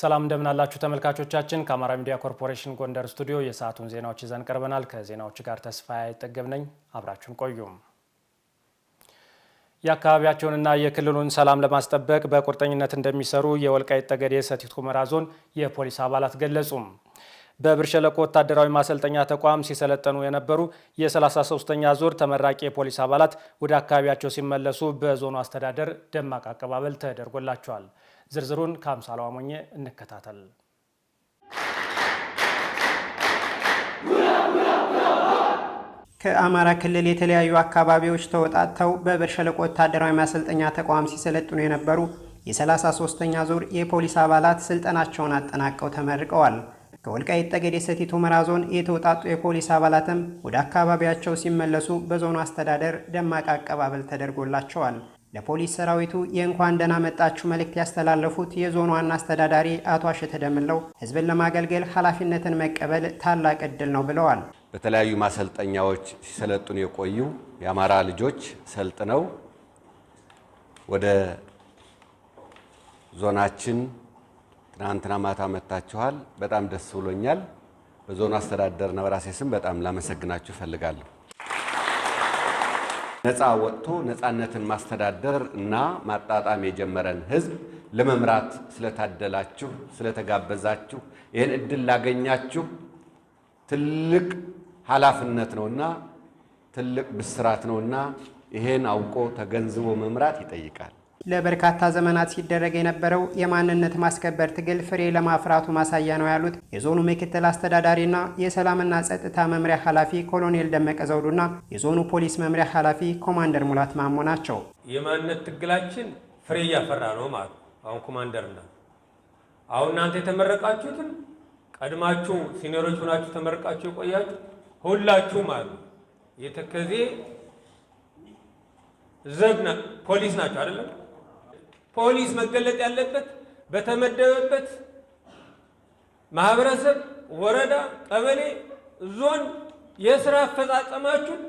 ሰላም እንደምናላችሁ ተመልካቾቻችን፣ ከአማራ ሚዲያ ኮርፖሬሽን ጎንደር ስቱዲዮ የሰዓቱን ዜናዎች ይዘን ቀርበናል። ከዜናዎቹ ጋር ተስፋ አይጠገብ ነኝ። አብራችሁን ቆዩም። የአካባቢያቸውንና የክልሉን ሰላም ለማስጠበቅ በቁርጠኝነት እንደሚሰሩ የወልቃይት ጠገዴ ሰቲት ሁመራ ዞን የፖሊስ አባላት ገለጹም። በብር ሸለቆ ወታደራዊ ማሰልጠኛ ተቋም ሲሰለጠኑ የነበሩ የ33ኛ ዙር ተመራቂ የፖሊስ አባላት ወደ አካባቢያቸው ሲመለሱ በዞኑ አስተዳደር ደማቅ አቀባበል ተደርጎላቸዋል። ዝርዝሩን ከአምሳል ዋሞኜ እንከታተል። ከአማራ ክልል የተለያዩ አካባቢዎች ተወጣጥተው በብር ሸለቆ ወታደራዊ ማሰልጠኛ ተቋም ሲሰለጥኑ የነበሩ የ33ኛ ዙር የፖሊስ አባላት ስልጠናቸውን አጠናቀው ተመርቀዋል። ከወልቃይት ጠገዴ ሰቲት ሁመራ ዞን የተውጣጡ የፖሊስ አባላትም ወደ አካባቢያቸው ሲመለሱ በዞኑ አስተዳደር ደማቅ አቀባበል ተደርጎላቸዋል። ለፖሊስ ሰራዊቱ የእንኳን ደህና መጣችሁ መልእክት ያስተላለፉት የዞኑ ዋና አስተዳዳሪ አቶ አሸተ ደምለው ሕዝብን ለማገልገል ኃላፊነትን መቀበል ታላቅ ዕድል ነው ብለዋል። በተለያዩ ማሰልጠኛዎች ሲሰለጥኑ የቆዩ የአማራ ልጆች ሰልጥነው ወደ ዞናችን ትናንትና ማታ መጥታችኋል። በጣም ደስ ብሎኛል። በዞኑ አስተዳደርና በራሴ ስም በጣም ላመሰግናችሁ እፈልጋለሁ። ነፃ ወጥቶ ነፃነትን ማስተዳደር እና ማጣጣም የጀመረን ህዝብ ለመምራት ስለታደላችሁ፣ ስለተጋበዛችሁ፣ ይህን እድል ላገኛችሁ ትልቅ ኃላፊነት ነውና ትልቅ ብስራት ነውና ይሄን አውቆ ተገንዝቦ መምራት ይጠይቃል። ለበርካታ ዘመናት ሲደረግ የነበረው የማንነት ማስከበር ትግል ፍሬ ለማፍራቱ ማሳያ ነው ያሉት የዞኑ ምክትል አስተዳዳሪና የሰላምና ጸጥታ መምሪያ ኃላፊ ኮሎኔል ደመቀ ዘውዱና የዞኑ ፖሊስ መምሪያ ኃላፊ ኮማንደር ሙላት ማሞ ናቸው። የማንነት ትግላችን ፍሬ እያፈራ ነው ማለት አሁን ኮማንደር ና አሁን እናንተ የተመረቃችሁትን ቀድማችሁ ሲኒሮች ሆናችሁ ተመረቃችሁ የቆያችሁ ሁላችሁ ማለት ነው የተከዜ ዘብ ፖሊስ ናቸው አይደለም ፖሊስ መገለጥ ያለበት በተመደበበት ማህበረሰብ፣ ወረዳ፣ ቀበሌ፣ ዞን የስራ አፈጻጸማችሁን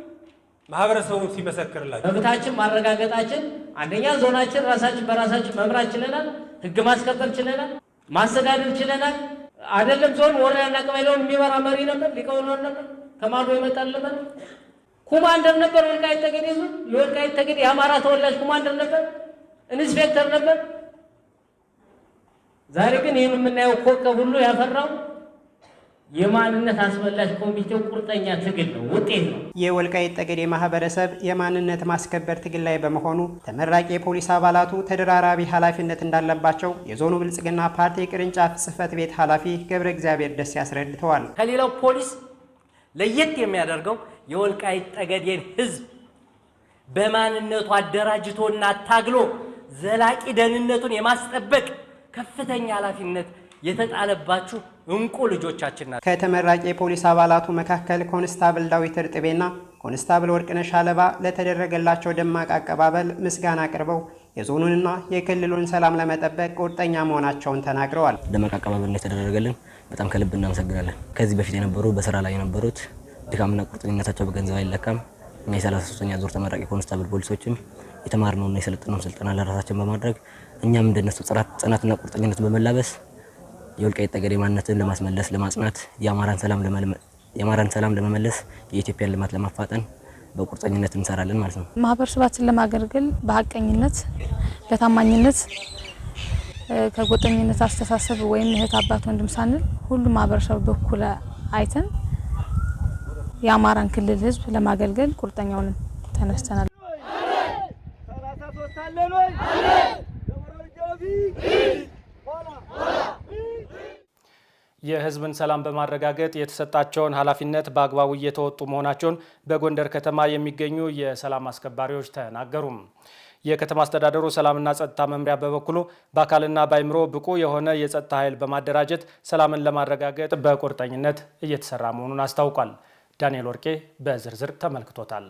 ማህበረሰቡን ሲመሰክርላችሁ መብታችን ማረጋገጣችን አንደኛ ዞናችን ራሳችን በራሳችን መምራት ችለናል። ህግ ማስከበር ችለናል። ማስተዳደር ችለናል። አይደለም ዞን ወረዳና ቀበሌውን የሚመራ መሪ ነበር፣ ሊቀውን ነበር፣ ከማዶ ይመጣል ኮማንደር ነበር ወልቃይት ጠገዴ ዞን የወልቃይት ጠገዴ የአማራ ተወላጅ ኮማንደር ነበር። ኢንስፔክተር ነበር። ዛሬ ግን ይህን የምናየው ኮከብ ሁሉ ያፈራው የማንነት አስመላሽ ኮሚቴው ቁርጠኛ ትግል ነው ውጤት ነው። የወልቃይት ጠገዴ ማህበረሰብ የማንነት ማስከበር ትግል ላይ በመሆኑ ተመራቂ የፖሊስ አባላቱ ተደራራቢ ኃላፊነት እንዳለባቸው የዞኑ ብልጽግና ፓርቲ ቅርንጫፍ ጽህፈት ቤት ኃላፊ ገብረ እግዚአብሔር ደስ ያስረድተዋል። ከሌላው ፖሊስ ለየት የሚያደርገው የወልቃይት ጠገዴን ህዝብ በማንነቱ አደራጅቶና ታግሎ ዘላቂ ደህንነቱን የማስጠበቅ ከፍተኛ ኃላፊነት የተጣለባችሁ እንቁ ልጆቻችን ናቸው። ከተመራቂ የፖሊስ አባላቱ መካከል ኮንስታብል ዳዊት እርጥቤና ኮንስታብል ወርቅነሽ አለባ ለተደረገላቸው ደማቅ አቀባበል ምስጋና አቅርበው የዞኑንና የክልሉን ሰላም ለመጠበቅ ቁርጠኛ መሆናቸውን ተናግረዋል። ደማቅ አቀባበል ነው የተደረገልን። በጣም ከልብ እናመሰግናለን። ከዚህ በፊት የነበሩ በስራ ላይ የነበሩት ድካምና ቁርጠኝነታቸው በገንዘብ አይለካም። እና የ33ኛ ዙር ተመራቂ ኮንስታብል ፖሊሶችም እና የሰለጠነው ስልጠና ለራሳችን በማድረግ እኛም እንደነሱ ጽናትና ቁርጠኝነት በመላበስ የወልቃይት ጠገዴ ማንነትን ለማስመለስ ለማጽናት፣ የአማራን ሰላም ለመመለስ፣ የኢትዮጵያን ልማት ለማፋጠን በቁርጠኝነት እንሰራለን ማለት ነው። ማህበረሰባችን ለማገልገል በሀቀኝነት በታማኝነት ከጎጠኝነት አስተሳሰብ ወይም እህት አባት ወንድም ሳንል ሁሉም ማህበረሰብ በኩል አይተን የአማራን ክልል ህዝብ ለማገልገል ቁርጠኛውን ተነስተናል። የህዝብን ሰላም በማረጋገጥ የተሰጣቸውን ኃላፊነት በአግባቡ እየተወጡ መሆናቸውን በጎንደር ከተማ የሚገኙ የሰላም አስከባሪዎች ተናገሩም። የከተማ አስተዳደሩ ሰላምና ጸጥታ መምሪያ በበኩሉ በአካልና በአይምሮ ብቁ የሆነ የጸጥታ ኃይል በማደራጀት ሰላምን ለማረጋገጥ በቁርጠኝነት እየተሰራ መሆኑን አስታውቋል። ዳንኤል ወርቄ በዝርዝር ተመልክቶታል።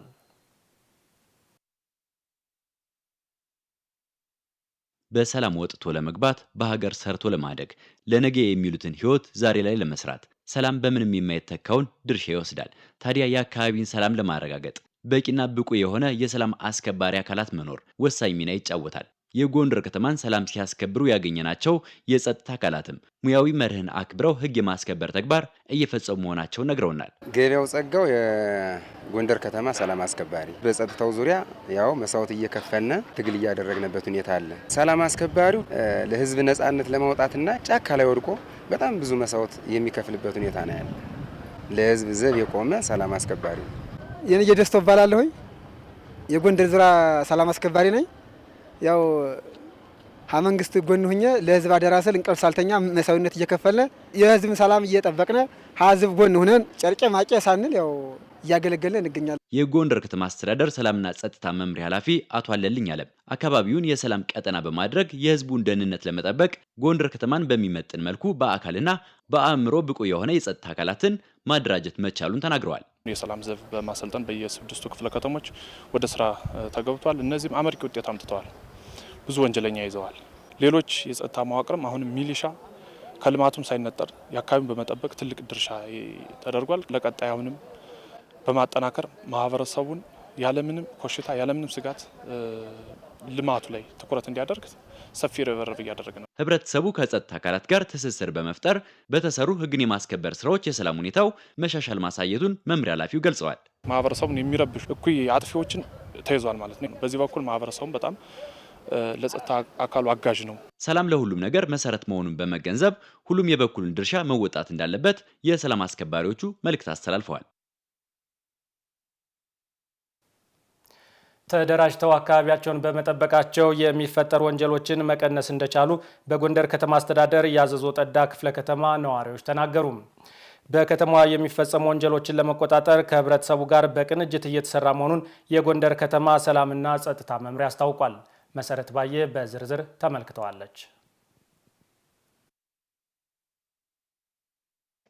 በሰላም ወጥቶ ለመግባት በሀገር ሰርቶ ለማደግ ለነገ የሚሉትን ህይወት ዛሬ ላይ ለመስራት ሰላም በምንም የማይተካውን ድርሻ ይወስዳል። ታዲያ የአካባቢን ሰላም ለማረጋገጥ በቂና ብቁ የሆነ የሰላም አስከባሪ አካላት መኖር ወሳኝ ሚና ይጫወታል። የጎንደር ከተማን ሰላም ሲያስከብሩ ያገኘናቸው የጸጥታ አካላትም ሙያዊ መርህን አክብረው ህግ የማስከበር ተግባር እየፈጸሙ መሆናቸው ነግረውናል። ገበያው ጸጋው የጎንደር ከተማ ሰላም አስከባሪ፣ በጸጥታው ዙሪያ ያው መስዋዕት እየከፈነ ትግል እያደረግንበት ሁኔታ አለ። ሰላም አስከባሪው ለህዝብ ነጻነት ለማውጣትና ጫካ ላይ ወድቆ በጣም ብዙ መስዋዕት የሚከፍልበት ሁኔታ ነው ያለ። ለህዝብ ዘብ የቆመ ሰላም አስከባሪ። የደስቶ እባላለሁኝ። የጎንደር ዙሪያ ሰላም አስከባሪ ነኝ። ያው መንግስት ጎን ሁኘ ለህዝብ አደራ ስል እንቅልፍ ሳልተኛ መሰዊነት እየከፈለ የህዝብን ሰላም እየጠበቅነ ህዝብ ጎን ሁነን ጨርቄ ማቄ ሳንል ያው እያገለገልን እንገኛለን። የጎንደር ከተማ አስተዳደር ሰላምና ጸጥታ መምሪያ ኃላፊ አቶ አለልኝ አለም አካባቢውን የሰላም ቀጠና በማድረግ የህዝቡን ደህንነት ለመጠበቅ ጎንደር ከተማን በሚመጥን መልኩ በአካልና በአእምሮ ብቁ የሆነ የጸጥታ አካላትን ማደራጀት መቻሉን ተናግረዋል። የሰላም ዘብ በማሰልጠን በየስድስቱ ክፍለ ከተሞች ወደ ስራ ተገብቷል። እነዚህም አመርቂ ውጤት አምጥተዋል። ብዙ ወንጀለኛ ይዘዋል። ሌሎች የጸጥታ መዋቅርም አሁንም ሚሊሻ ከልማቱም ሳይነጠር የአካባቢውን በመጠበቅ ትልቅ ድርሻ ተደርጓል። ለቀጣይ አሁንም በማጠናከር ማህበረሰቡን ያለምንም ኮሽታ ያለምንም ስጋት ልማቱ ላይ ትኩረት እንዲያደርግ ሰፊ ርብርብ እያደረግ ነው። ህብረተሰቡ ከጸጥታ አካላት ጋር ትስስር በመፍጠር በተሰሩ ህግን የማስከበር ስራዎች የሰላም ሁኔታው መሻሻል ማሳየቱን መምሪያ ኃላፊው ገልጸዋል። ማህበረሰቡን የሚረብሹ እኩይ አጥፊዎችን ተይዟል ማለት ነው። በዚህ በኩል ማህበረሰቡን በጣም ለጸጥታ አካሉ አጋዥ ነው። ሰላም ለሁሉም ነገር መሰረት መሆኑን በመገንዘብ ሁሉም የበኩሉን ድርሻ መወጣት እንዳለበት የሰላም አስከባሪዎቹ መልእክት አስተላልፈዋል። ተደራጅተው አካባቢያቸውን በመጠበቃቸው የሚፈጠሩ ወንጀሎችን መቀነስ እንደቻሉ በጎንደር ከተማ አስተዳደር ያዘዞ ጠዳ ክፍለ ከተማ ነዋሪዎች ተናገሩ። በከተማዋ የሚፈጸሙ ወንጀሎችን ለመቆጣጠር ከህብረተሰቡ ጋር በቅንጅት እየተሰራ መሆኑን የጎንደር ከተማ ሰላምና ጸጥታ መምሪያ አስታውቋል። መሰረት ባየ በዝርዝር ተመልክተዋለች።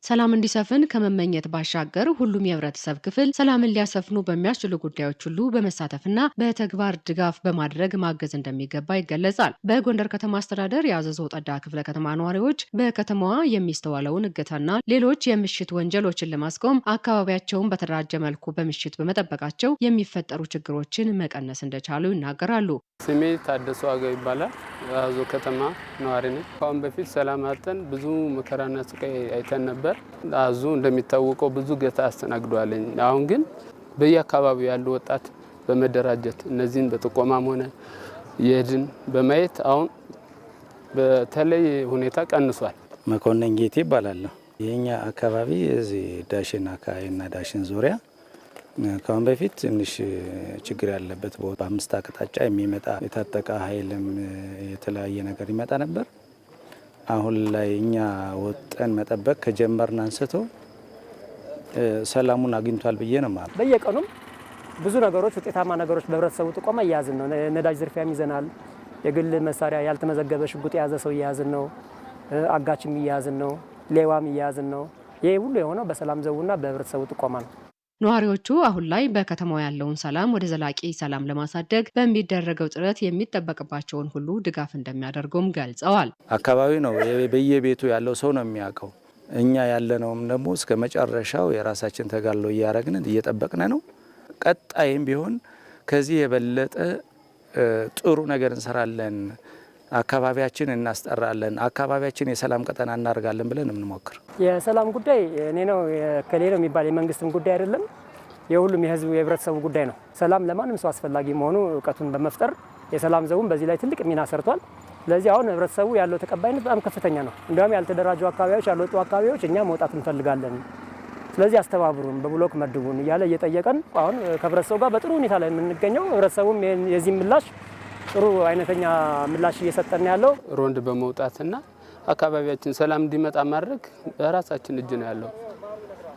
ሰላም እንዲሰፍን ከመመኘት ባሻገር ሁሉም የህብረተሰብ ክፍል ሰላምን ሊያሰፍኑ በሚያስችሉ ጉዳዮች ሁሉ በመሳተፍና በተግባር ድጋፍ በማድረግ ማገዝ እንደሚገባ ይገለጻል። በጎንደር ከተማ አስተዳደር የአዘዞ ጠዳ ክፍለ ከተማ ነዋሪዎች በከተማዋ የሚስተዋለውን እገታና ሌሎች የምሽት ወንጀሎችን ለማስቆም አካባቢያቸውን በተደራጀ መልኩ በምሽት በመጠበቃቸው የሚፈጠሩ ችግሮችን መቀነስ እንደቻሉ ይናገራሉ። ስሜ ታደሰ ዋጋ ይባላል። በአዞ ከተማ ነዋሪ ነኝ። ከአሁን በፊት ሰላም አጥተን ብዙ መከራና ስቃይ አይተን ነበር። አዞ እንደሚታወቀው ብዙ ገታ አስተናግዷለኝ። አሁን ግን በየአካባቢው ያሉ ወጣት በመደራጀት እነዚህን በጥቆማም ሆነ የድን በማየት አሁን በተለይ ሁኔታ ቀንሷል። መኮንን ጌቴ ይባላለሁ። የእኛ አካባቢ እዚህ ዳሽን አካባቢና ዳሽን ዙሪያ ከአሁን በፊት ትንሽ ችግር ያለበት ቦታ በአምስት አቅጣጫ የሚመጣ የታጠቀ ኃይልም የተለያየ ነገር ይመጣ ነበር። አሁን ላይ እኛ ወጠን መጠበቅ ከጀመርን አንስቶ ሰላሙን አግኝቷል ብዬ ነው ማለት። በየቀኑም ብዙ ነገሮች ውጤታማ ነገሮች በህብረተሰቡ ጥቆማ እያያዝን ነው። ነዳጅ ዝርፊያም ይዘናል። የግል መሳሪያ ያልተመዘገበ ሽጉጥ የያዘ ሰው እያያዝን ነው። አጋችም እያያዝን ነው። ሌዋም እያያዝን ነው። ይህ ሁሉ የሆነው በሰላም ዘቡና በህብረተሰቡ ጥቆማ ነው። ነዋሪዎቹ አሁን ላይ በከተማው ያለውን ሰላም ወደ ዘላቂ ሰላም ለማሳደግ በሚደረገው ጥረት የሚጠበቅባቸውን ሁሉ ድጋፍ እንደሚያደርጉም ገልጸዋል። አካባቢ ነው በየቤቱ ያለው ሰው ነው የሚያውቀው። እኛ ያለነውም ደግሞ እስከ መጨረሻው የራሳችን ተጋድሎ እያረግን እየጠበቅነ ነው። ቀጣይም ቢሆን ከዚህ የበለጠ ጥሩ ነገር እንሰራለን አካባቢያችን እናስጠራለን፣ አካባቢያችን የሰላም ቀጠና እናደርጋለን ብለን የምንሞክር የሰላም ጉዳይ እኔ ነው ከሌ ነው የሚባል የመንግስትም ጉዳይ አይደለም። የሁሉም የህዝቡ የህብረተሰቡ ጉዳይ ነው። ሰላም ለማንም ሰው አስፈላጊ መሆኑ እውቀቱን በመፍጠር የሰላም ዘቡን በዚህ ላይ ትልቅ ሚና ሰርቷል። ስለዚህ አሁን ህብረተሰቡ ያለው ተቀባይነት በጣም ከፍተኛ ነው። እንዲሁም ያልተደራጁ አካባቢዎች ያልወጡ አካባቢዎች እኛ መውጣት እንፈልጋለን፣ ስለዚህ አስተባብሩን፣ በብሎክ መድቡን እያለ እየጠየቀን አሁን ከህብረተሰቡ ጋር በጥሩ ሁኔታ ላይ የምንገኘው ህብረተሰቡም የዚህ ምላሽ ጥሩ አይነተኛ ምላሽ እየሰጠን ያለው ሮንድ በመውጣትና አካባቢያችን ሰላም እንዲመጣ ማድረግ በራሳችን እጅ ነው ያለው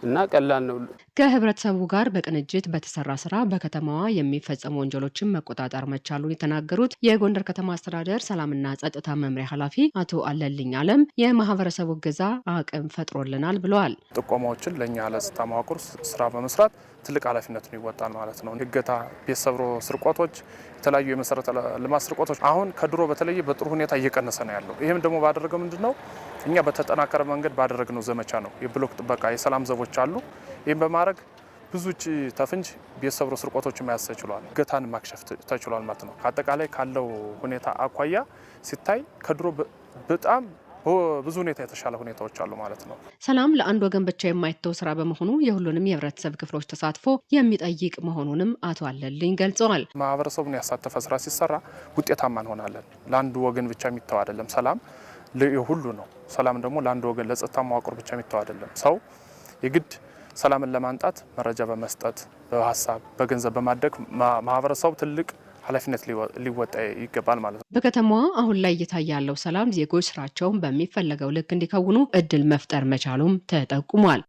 እና ቀላል ነው። ከህብረተሰቡ ጋር በቅንጅት በተሰራ ስራ በከተማዋ የሚፈጸሙ ወንጀሎችን መቆጣጠር መቻሉን የተናገሩት የጎንደር ከተማ አስተዳደር ሰላምና ጸጥታ መምሪያ ኃላፊ አቶ አለልኝ አለም የማህበረሰቡ እገዛ አቅም ፈጥሮልናል ብለዋል። ጥቆማዎችን ለእኛ ለጸጥታ መዋቅር ስራ በመስራት ትልቅ ኃላፊነቱን ይወጣል ማለት ነው። እገታ፣ ቤት ሰብሮ ስርቆቶች፣ የተለያዩ የመሰረተ ልማት ስርቆቶች አሁን ከድሮ በተለየ በጥሩ ሁኔታ እየቀነሰ ነው ያለው። ይህም ደግሞ ባደረገው ምንድን ነው እኛ በተጠናከረ መንገድ ባደረግነው ዘመቻ ነው። የብሎክ ጥበቃ የሰላም ዘቦች አሉ ይህም በማድረግ ብዙ ውጭ ተፍንጅ ቤት ሰብሮ ስርቆቶችን መያዝ ተችሏል። እገታን ማክሸፍ ተችሏል ማለት ነው። ከአጠቃላይ ካለው ሁኔታ አኳያ ሲታይ ከድሮ በጣም ብዙ ሁኔታ የተሻለ ሁኔታዎች አሉ ማለት ነው። ሰላም ለአንድ ወገን ብቻ የማይተው ስራ በመሆኑ የሁሉንም የህብረተሰብ ክፍሎች ተሳትፎ የሚጠይቅ መሆኑንም አቶ አለልኝ ገልጸዋል። ማህበረሰቡን ያሳተፈ ስራ ሲሰራ ውጤታማ እንሆናለን። ለአንድ ወገን ብቻ የሚተው አይደለም። ሰላም ሁሉ ነው። ሰላም ደግሞ ለአንድ ወገን ለጸጥታ መዋቅር ብቻ የሚተው አይደለም። ሰው የግድ ሰላምን ለማንጣት መረጃ በመስጠት በሀሳብ፣ በገንዘብ በማድረግ ማህበረሰቡ ትልቅ ኃላፊነት ሊወጣ ይገባል ማለት ነው። በከተማዋ አሁን ላይ እየታየ ያለው ሰላም ዜጎች ስራቸውን በሚፈለገው ልክ እንዲከውኑ እድል መፍጠር መቻሉም ተጠቁሟል።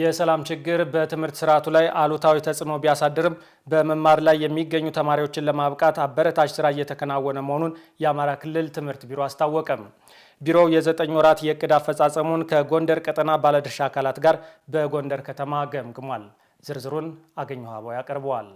የሰላም ችግር በትምህርት ስርዓቱ ላይ አሉታዊ ተጽዕኖ ቢያሳድርም በመማር ላይ የሚገኙ ተማሪዎችን ለማብቃት አበረታች ስራ እየተከናወነ መሆኑን የአማራ ክልል ትምህርት ቢሮ አስታወቀም። ቢሮው የዘጠኝ ወራት የእቅድ አፈጻጸሙን ከጎንደር ቀጠና ባለድርሻ አካላት ጋር በጎንደር ከተማ ገምግሟል። ዝርዝሩን አገኘሁ አበው ያቀርበዋል።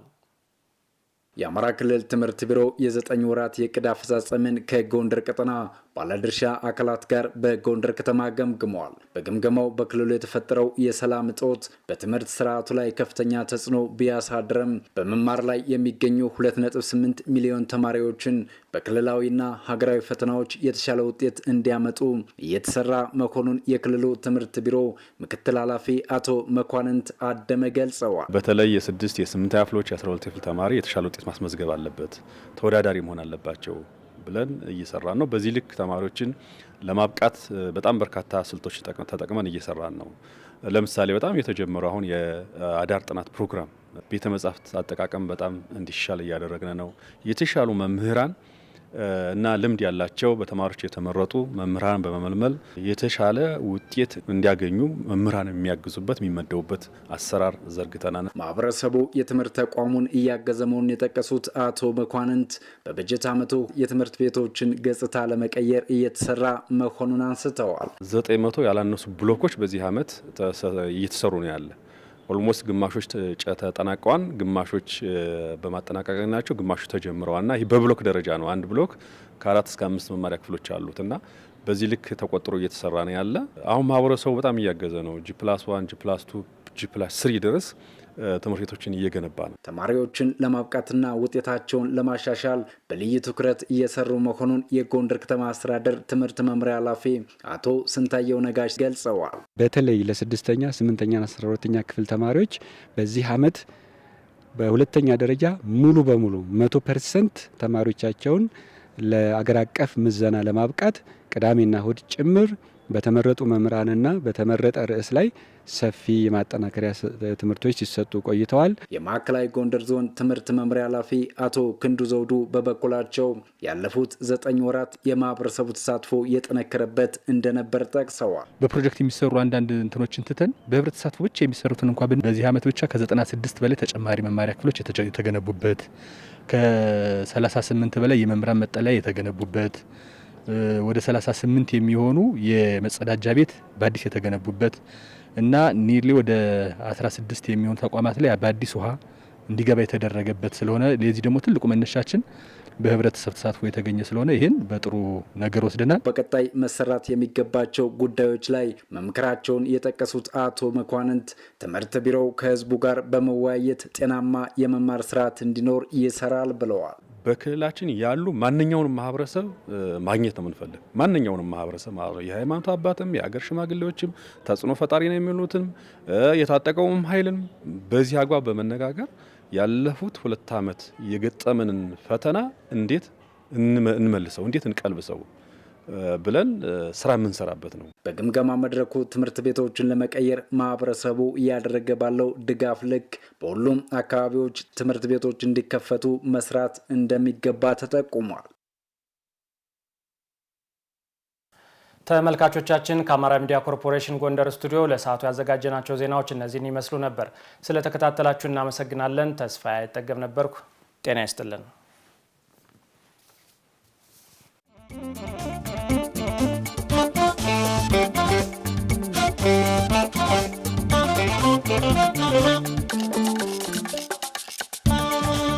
የአማራ ክልል ትምህርት ቢሮ የዘጠኝ ወራት የዕቅድ አፈጻጸምን ከጎንደር ቀጠና ባለድርሻ አካላት ጋር በጎንደር ከተማ ገምግመዋል። በግምገማው በክልሉ የተፈጠረው የሰላም እጦት በትምህርት ስርዓቱ ላይ ከፍተኛ ተጽዕኖ ቢያሳድረም በመማር ላይ የሚገኙ 2.8 ሚሊዮን ተማሪዎችን በክልላዊና ሀገራዊ ፈተናዎች የተሻለ ውጤት እንዲያመጡ እየተሰራ መሆኑን የክልሉ ትምህርት ቢሮ ምክትል ኃላፊ አቶ መኳንንት አደመ ገልጸዋል። በተለይ የስድስት የስምንት ክፍሎች የ12 ክፍል ተማሪ የተሻለ ውጤት ውጤት ማስመዝገብ አለበት፣ ተወዳዳሪ መሆን አለባቸው ብለን እየሰራን ነው። በዚህ ልክ ተማሪዎችን ለማብቃት በጣም በርካታ ስልቶች ተጠቅመን እየሰራን ነው። ለምሳሌ በጣም የተጀመረው አሁን የአዳር ጥናት ፕሮግራም ቤተ መጻሕፍት አጠቃቀም በጣም እንዲሻል እያደረግን ነው። የተሻሉ መምህራን እና ልምድ ያላቸው በተማሪዎች የተመረጡ መምህራን በመመልመል የተሻለ ውጤት እንዲያገኙ መምህራን የሚያግዙበት የሚመደቡበት አሰራር ዘርግተናል። ማህበረሰቡ የትምህርት ተቋሙን እያገዘ መሆኑን የጠቀሱት አቶ መኳንንት በበጀት ዓመቱ የትምህርት ቤቶችን ገጽታ ለመቀየር እየተሰራ መሆኑን አንስተዋል። ዘጠኝ መቶ ያላነሱ ብሎኮች በዚህ ዓመት እየተሰሩ ነው ያለ ኦልሞስት ግማሾች ተጠናቀዋል፣ ግማሾች በማጠናቀቅ ናቸው፣ ግማሾች ተጀምረዋል። ና ይህ በብሎክ ደረጃ ነው። አንድ ብሎክ ከአራት እስከ አምስት መማሪያ ክፍሎች አሉት እና በዚህ ልክ ተቆጥሮ እየተሰራ ነው ያለ። አሁን ማህበረሰቡ በጣም እያገዘ ነው። ጂ ፕላስ ዋን ጂ ፕላስ ቱ ጂ ፕላስ ስሪ ድረስ ትምህርት ቤቶችን እየገነባ ነው። ተማሪዎችን ለማብቃትና ውጤታቸውን ለማሻሻል በልዩ ትኩረት እየሰሩ መሆኑን የጎንደር ከተማ አስተዳደር ትምህርት መምሪያ ኃላፊ አቶ ስንታየው ነጋሽ ገልጸዋል። በተለይ ለስድስተኛ ስምንተኛና አስራ ሁለተኛ ክፍል ተማሪዎች በዚህ አመት በሁለተኛ ደረጃ ሙሉ በሙሉ መቶ ፐርሰንት ተማሪዎቻቸውን ለአገር አቀፍ ምዘና ለማብቃት ቅዳሜና እሁድ ጭምር በተመረጡ መምህራንና በተመረጠ ርዕስ ላይ ሰፊ የማጠናከሪያ ትምህርቶች ሲሰጡ ቆይተዋል። የማዕከላዊ ጎንደር ዞን ትምህርት መምሪያ ኃላፊ አቶ ክንዱ ዘውዱ በበኩላቸው ያለፉት ዘጠኝ ወራት የማህበረሰቡ ተሳትፎ የጠነከረበት እንደነበር ጠቅሰዋል። በፕሮጀክት የሚሰሩ አንዳንድ እንትኖችን ትተን በህብረት ተሳትፎ ብቻ የሚሰሩትን እንኳ ብን በዚህ ዓመት ብቻ ከ96 በላይ ተጨማሪ መማሪያ ክፍሎች የተገነቡበት ከ38 በላይ የመምህራን መጠለያ የተገነቡበት ወደ 38 የሚሆኑ የመጸዳጃ ቤት በአዲስ የተገነቡበት እና ኒርሊ ወደ 16 የሚሆኑ ተቋማት ላይ በአዲስ ውሃ እንዲገባ የተደረገበት ስለሆነ ለዚህ ደግሞ ትልቁ መነሻችን በህብረተሰብ ተሳትፎ የተገኘ ስለሆነ ይህን በጥሩ ነገር ወስደናል። በቀጣይ መሰራት የሚገባቸው ጉዳዮች ላይ መምከራቸውን የጠቀሱት አቶ መኳንንት ትምህርት ቢሮው ከህዝቡ ጋር በመወያየት ጤናማ የመማር ስርዓት እንዲኖር ይሰራል ብለዋል። በክልላችን ያሉ ማንኛውንም ማህበረሰብ ማግኘት ነው የምንፈልግ። ማንኛውንም ማህበረሰብ ማለት ነው። የሃይማኖት አባትም የአገር ሽማግሌዎችም ተጽዕኖ ፈጣሪ ነው የሚሉትም የታጠቀውም ኃይልም በዚህ አግባብ በመነጋገር ያለፉት ሁለት ዓመት የገጠመንን ፈተና እንዴት እንመልሰው፣ እንዴት እንቀልብሰው ብለን ስራ የምንሰራበት ነው። በግምገማ መድረኩ ትምህርት ቤቶችን ለመቀየር ማህበረሰቡ እያደረገ ባለው ድጋፍ ልክ በሁሉም አካባቢዎች ትምህርት ቤቶች እንዲከፈቱ መስራት እንደሚገባ ተጠቁሟል። ተመልካቾቻችን ከአማራ ሚዲያ ኮርፖሬሽን ጎንደር ስቱዲዮ ለሰዓቱ ያዘጋጀናቸው ዜናዎች እነዚህን ይመስሉ ነበር። ስለተከታተላችሁ እናመሰግናለን። ተስፋ አይጠገብ ነበርኩ። ጤና ይስጥልን። Thank you.